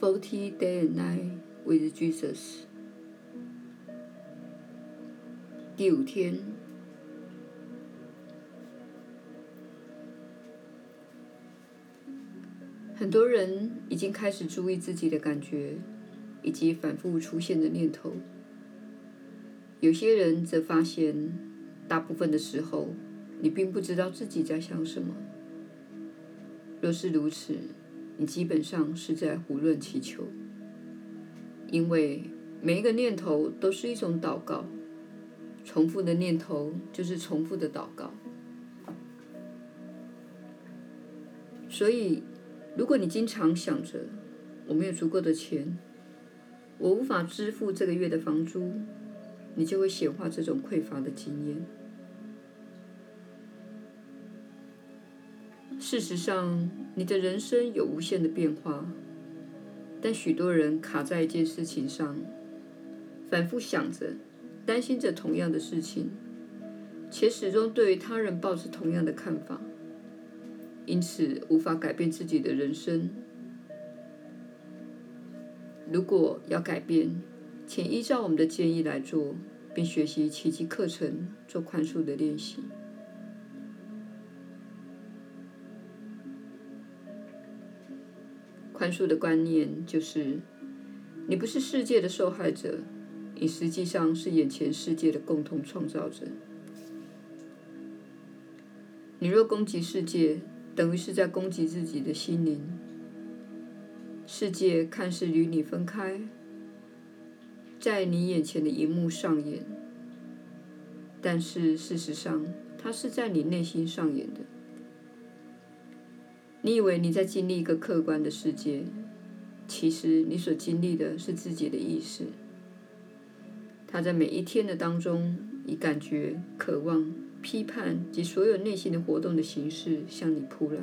40 day and night with Jesus。第五天，很多人已經開始注意自己的感覺，以及反覆出現的念頭。有些人則發現，大部分的時候，你並不知道自己在想什麼。若是如此，你基本上是在胡亂祈求，因為每一個念頭都是一種禱告，重複的念頭就是重複的禱告。所以，如果你經常想着我沒有足夠的錢，我無法支付這個月的房租，你就會顯化這種匱乏的經驗。事實上，你的人生有無限的變化，但許多人卡在一件事情上，反覆想着，擔心着同樣的事情，且始終對於他人抱持同樣的看法，因此無法改變自己的人生。如果要改變，請依照我們的建議來做，並學習奇蹟課程，做寬恕的練習。寬恕的觀念就是，你不是世界的受害者，你實際上是眼前世界的共同創造者。你若攻擊世界，等於是在攻擊自己的心靈。世界看似與你分開，在你眼前的螢幕上演，但是事實上，它是在你內心上演的。你以為你在經歷一個客觀的世界，其實你所經歷的是自己的意識。它在每一天的當中，以感覺、渴望、批判及所有內心的活動的形式向你撲來。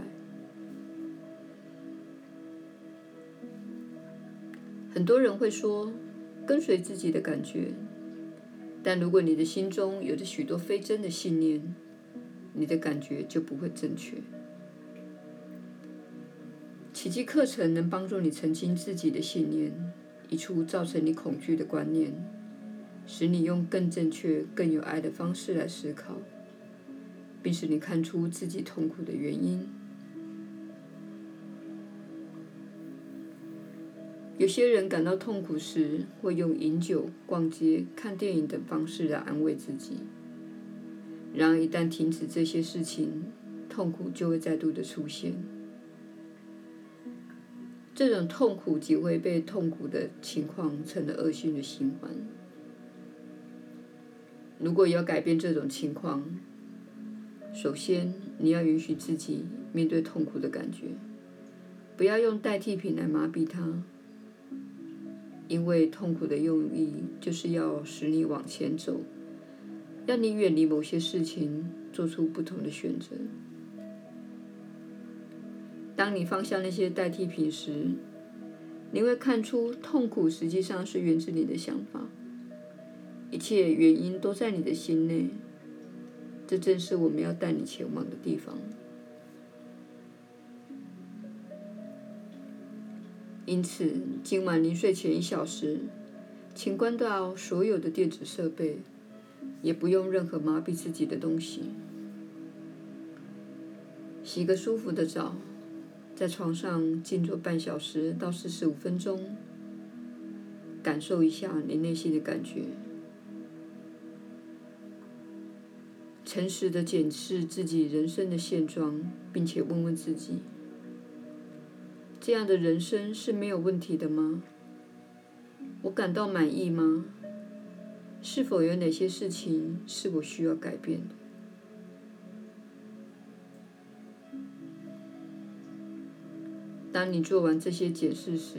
很多人會說，跟隨自己的感覺，但如果你的心中有着許多非真的信念，你的感覺就不會正確。奇蹟課程能幫助你澄清自己的信念，移除造成你恐懼的觀念，使你用更正確、更有愛的方式來思考，並使你看出自己痛苦的原因。有些人感到痛苦時，會用飲酒、逛街、看電影等方式來安慰自己。然而，一旦停止這些事情，痛苦就會再度的出現。這種痛苦及迴避痛苦的情況成了惡性的循環。如果要改變這種情況，首先你要允許自己面對痛苦的感覺，不要用代替品來麻痹它，因為痛苦的用意就是要使你往前走，讓你遠離某些事情，做出不同的選擇。當你放下那些代替品時，你會看出痛苦實際上是源自你的想法，一切原因都在你的心內。這正是我們要帶你前往的地方。因此，今晚臨睡前一小時，請關掉所有的電子設備，也不用任何麻痹自己的東西，洗個舒服的澡。在床上靜坐半小時到四十五分鐘，感受一下你內心的感覺，誠實的檢視自己人生的現狀，並且問問自己：這樣的人生是沒有問題的嗎？我感到滿意嗎？是否有哪些事情是我需要改變的？當你做完這些檢視時，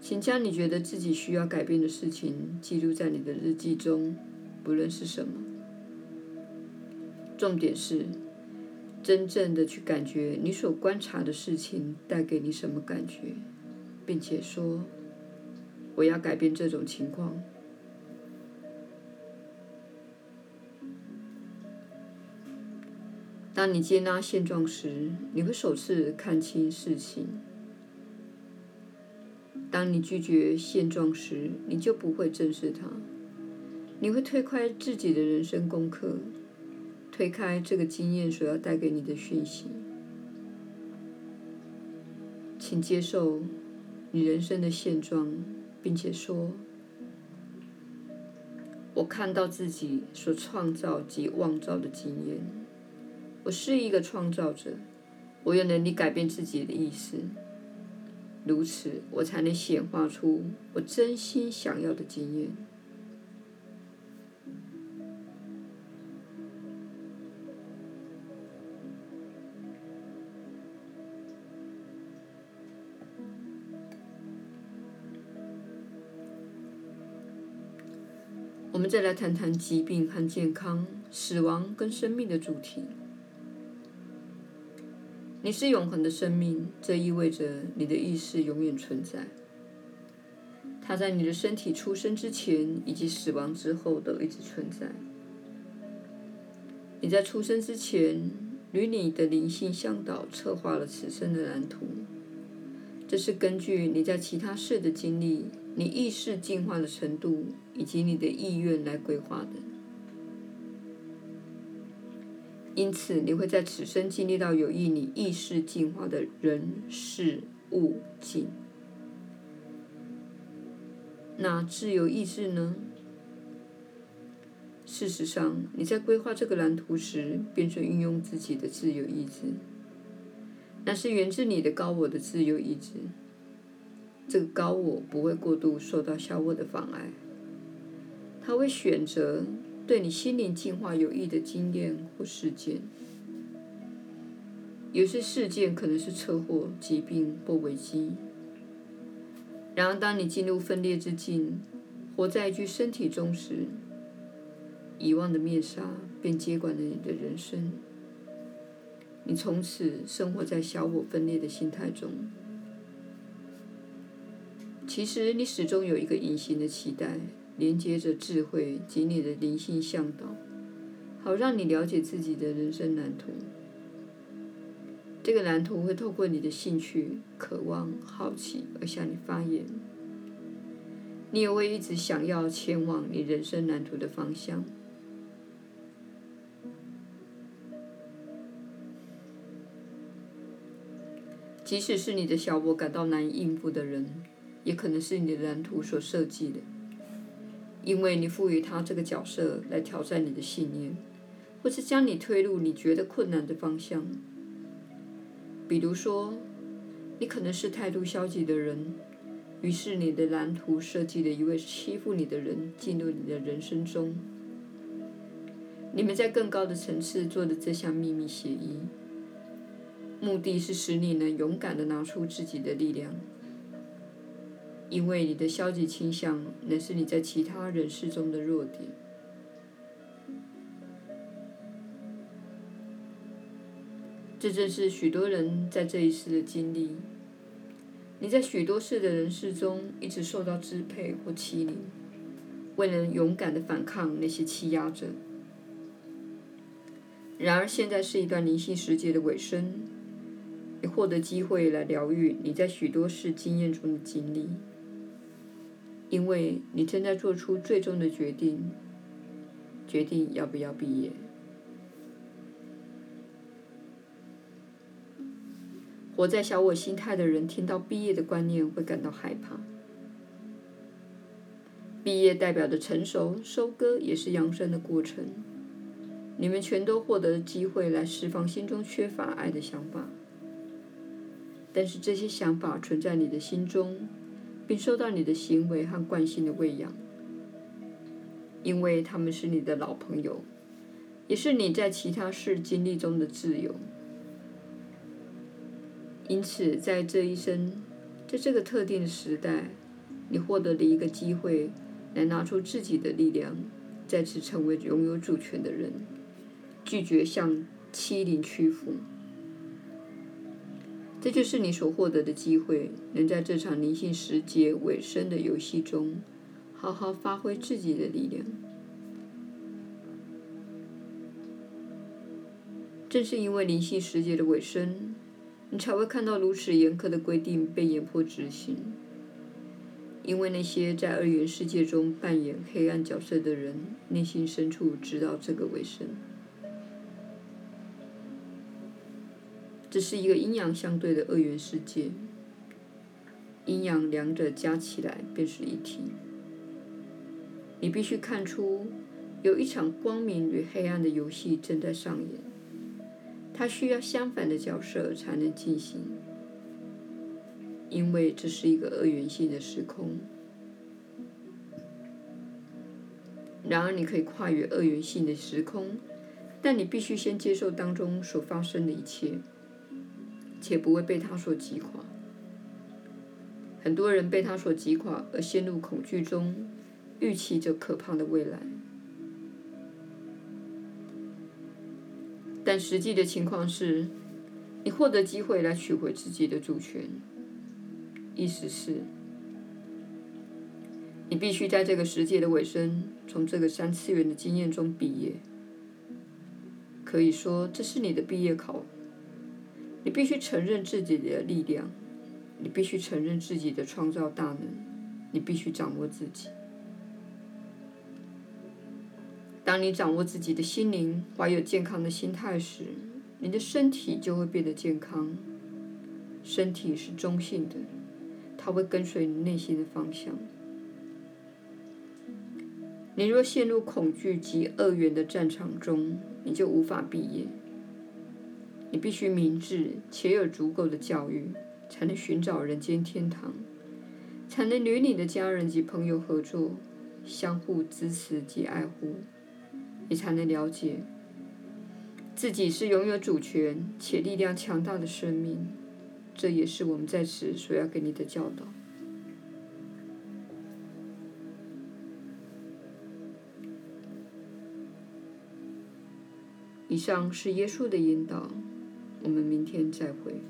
請將你覺得自己需要改變的事情記錄在你的日記中，不論是什麼。重點是，真正的去感覺你所觀察的事情帶給你什麼感覺，並且說：“我要改變這種情況。”當你接納現狀時，你會首次看清事情；當你拒絕現狀時，你就不會正視它。你會推開自己的人生功課，推開這個經驗所要帶給你的訊息。請接受你人生的現狀，並且說：“我看到自己所創造及妄造的經驗。”我是一個創造者，我有能力改變自己的意識，如此我才能顯化出我真心想要的經驗。我們再來談談疾病和健康、死亡跟生命的主題。你是永恆的生命，這意味着你的意識永遠存在。它在你的身體出生之前以及死亡之後都一直存在。你在出生之前，與你的靈性向導策劃了此生的藍圖。這是根據你在其他世的經歷、你意識進化的程度以及你的意願來規劃的。因此，你會在此生經歷到有益你意識進化的人事物境。那自由意志呢？事實上，你在規劃這個藍圖時，便是運用自己的自由意志。那是源自你的高我的自由意志。這個高我不會過度受到小我的妨礙，他會選擇。對你心靈進化有益的經驗或事件，有些事件可能是車禍、疾病或危機。然而，當你進入分裂之境，活在一具身體中時，遺忘的面紗便接管了你的人生。你從此生活在小我分裂的心態中。其實，你始終有一個隱形的臍帶。連接着智慧及你的靈性嚮導，好讓你了解自己的人生藍圖。這個藍圖會透過你的興趣、渴望、好奇而向你發言。你也會一直想要前往你人生藍圖的方向。即使是你的小我感到難以應付的人，也可能是你的藍圖所設計的。因為你賦予他這個角色來挑戰你的信念，或是將你推入你覺得困難的方向。比如說，你可能是態度消極的人，於是你的藍圖設計了一位欺負你的人進入你的人生中。你們在更高的層次做了這項秘密協議，目的是使你能勇敢地拿出自己的力量。因為你的消極傾向乃是你在其他人世中的弱點，這正是許多人在這一世的經歷。你在許多世的人世中一直受到支配或欺凌，未能勇敢地反抗那些欺壓者。然而，現在是一段靈性時節的尾聲，你獲得機會來療癒你在許多世經驗中的經歷。因為你正在做出最終的決定，決定要不要畢業。活在小我心態的人，聽到畢業的觀念會感到害怕。畢業代表着成熟、收割，也是揚升的過程。你們全都獲得了機會來釋放心中缺乏愛的想法，但是這些想法存在你的心中。並受到你的行為和慣性的餵養，因為他們是你的老朋友，也是你在其他世經歷中的摯友。因此，在這一生，在這個特定的時代，你獲得了一個機會，來拿出自己的力量，再次成為擁有主權的人，拒絕向欺凌屈服。這就是你所獲得的機會，能在這場靈性時節尾聲的遊戲中，好好發揮自己的力量。正是因為靈性時節的尾聲，你才會看到如此嚴苛的規定被強迫執行，因為那些在二元世界中扮演黑暗角色的人，內心深處知道這個尾聲。這是一個陰陽相對的二元世界，陰陽兩者加起來便是一體。你必須看出，有一場光明與黑暗的遊戲正在上演，它需要相反的角色才能進行，因為這是一個二元性的時空。然而，你可以跨越二元性的時空，但你必須先接受當中所發生的一切。且不會被他所擊垮。很多人被他所擊垮，而陷入恐懼中，預期着可怕的未來。但實際的情況是，你獲得機會來取回自己的主權。意思是，你必須在這個世界的尾聲，從這個三次元的經驗中畢業。可以說，這是你的畢業考。你必須承認自己的力量，你必須承認自己的創造大能，你必須掌握自己。當你掌握自己的心靈，懷有健康的心態時，你的身體就會變得健康。身體是中性的，它會跟隨你內心的方向。你若陷入恐懼及二元的戰場中，你就無法畢業。你必須明智且有足夠的教育，才能尋找人間天堂，才能與你的家人及朋友合作，相互支持及愛護，你才能了解自己是擁有主權且力量強大的生命，這也是我們在此所要給你的教導。以上是耶穌的引導。我們明天再會。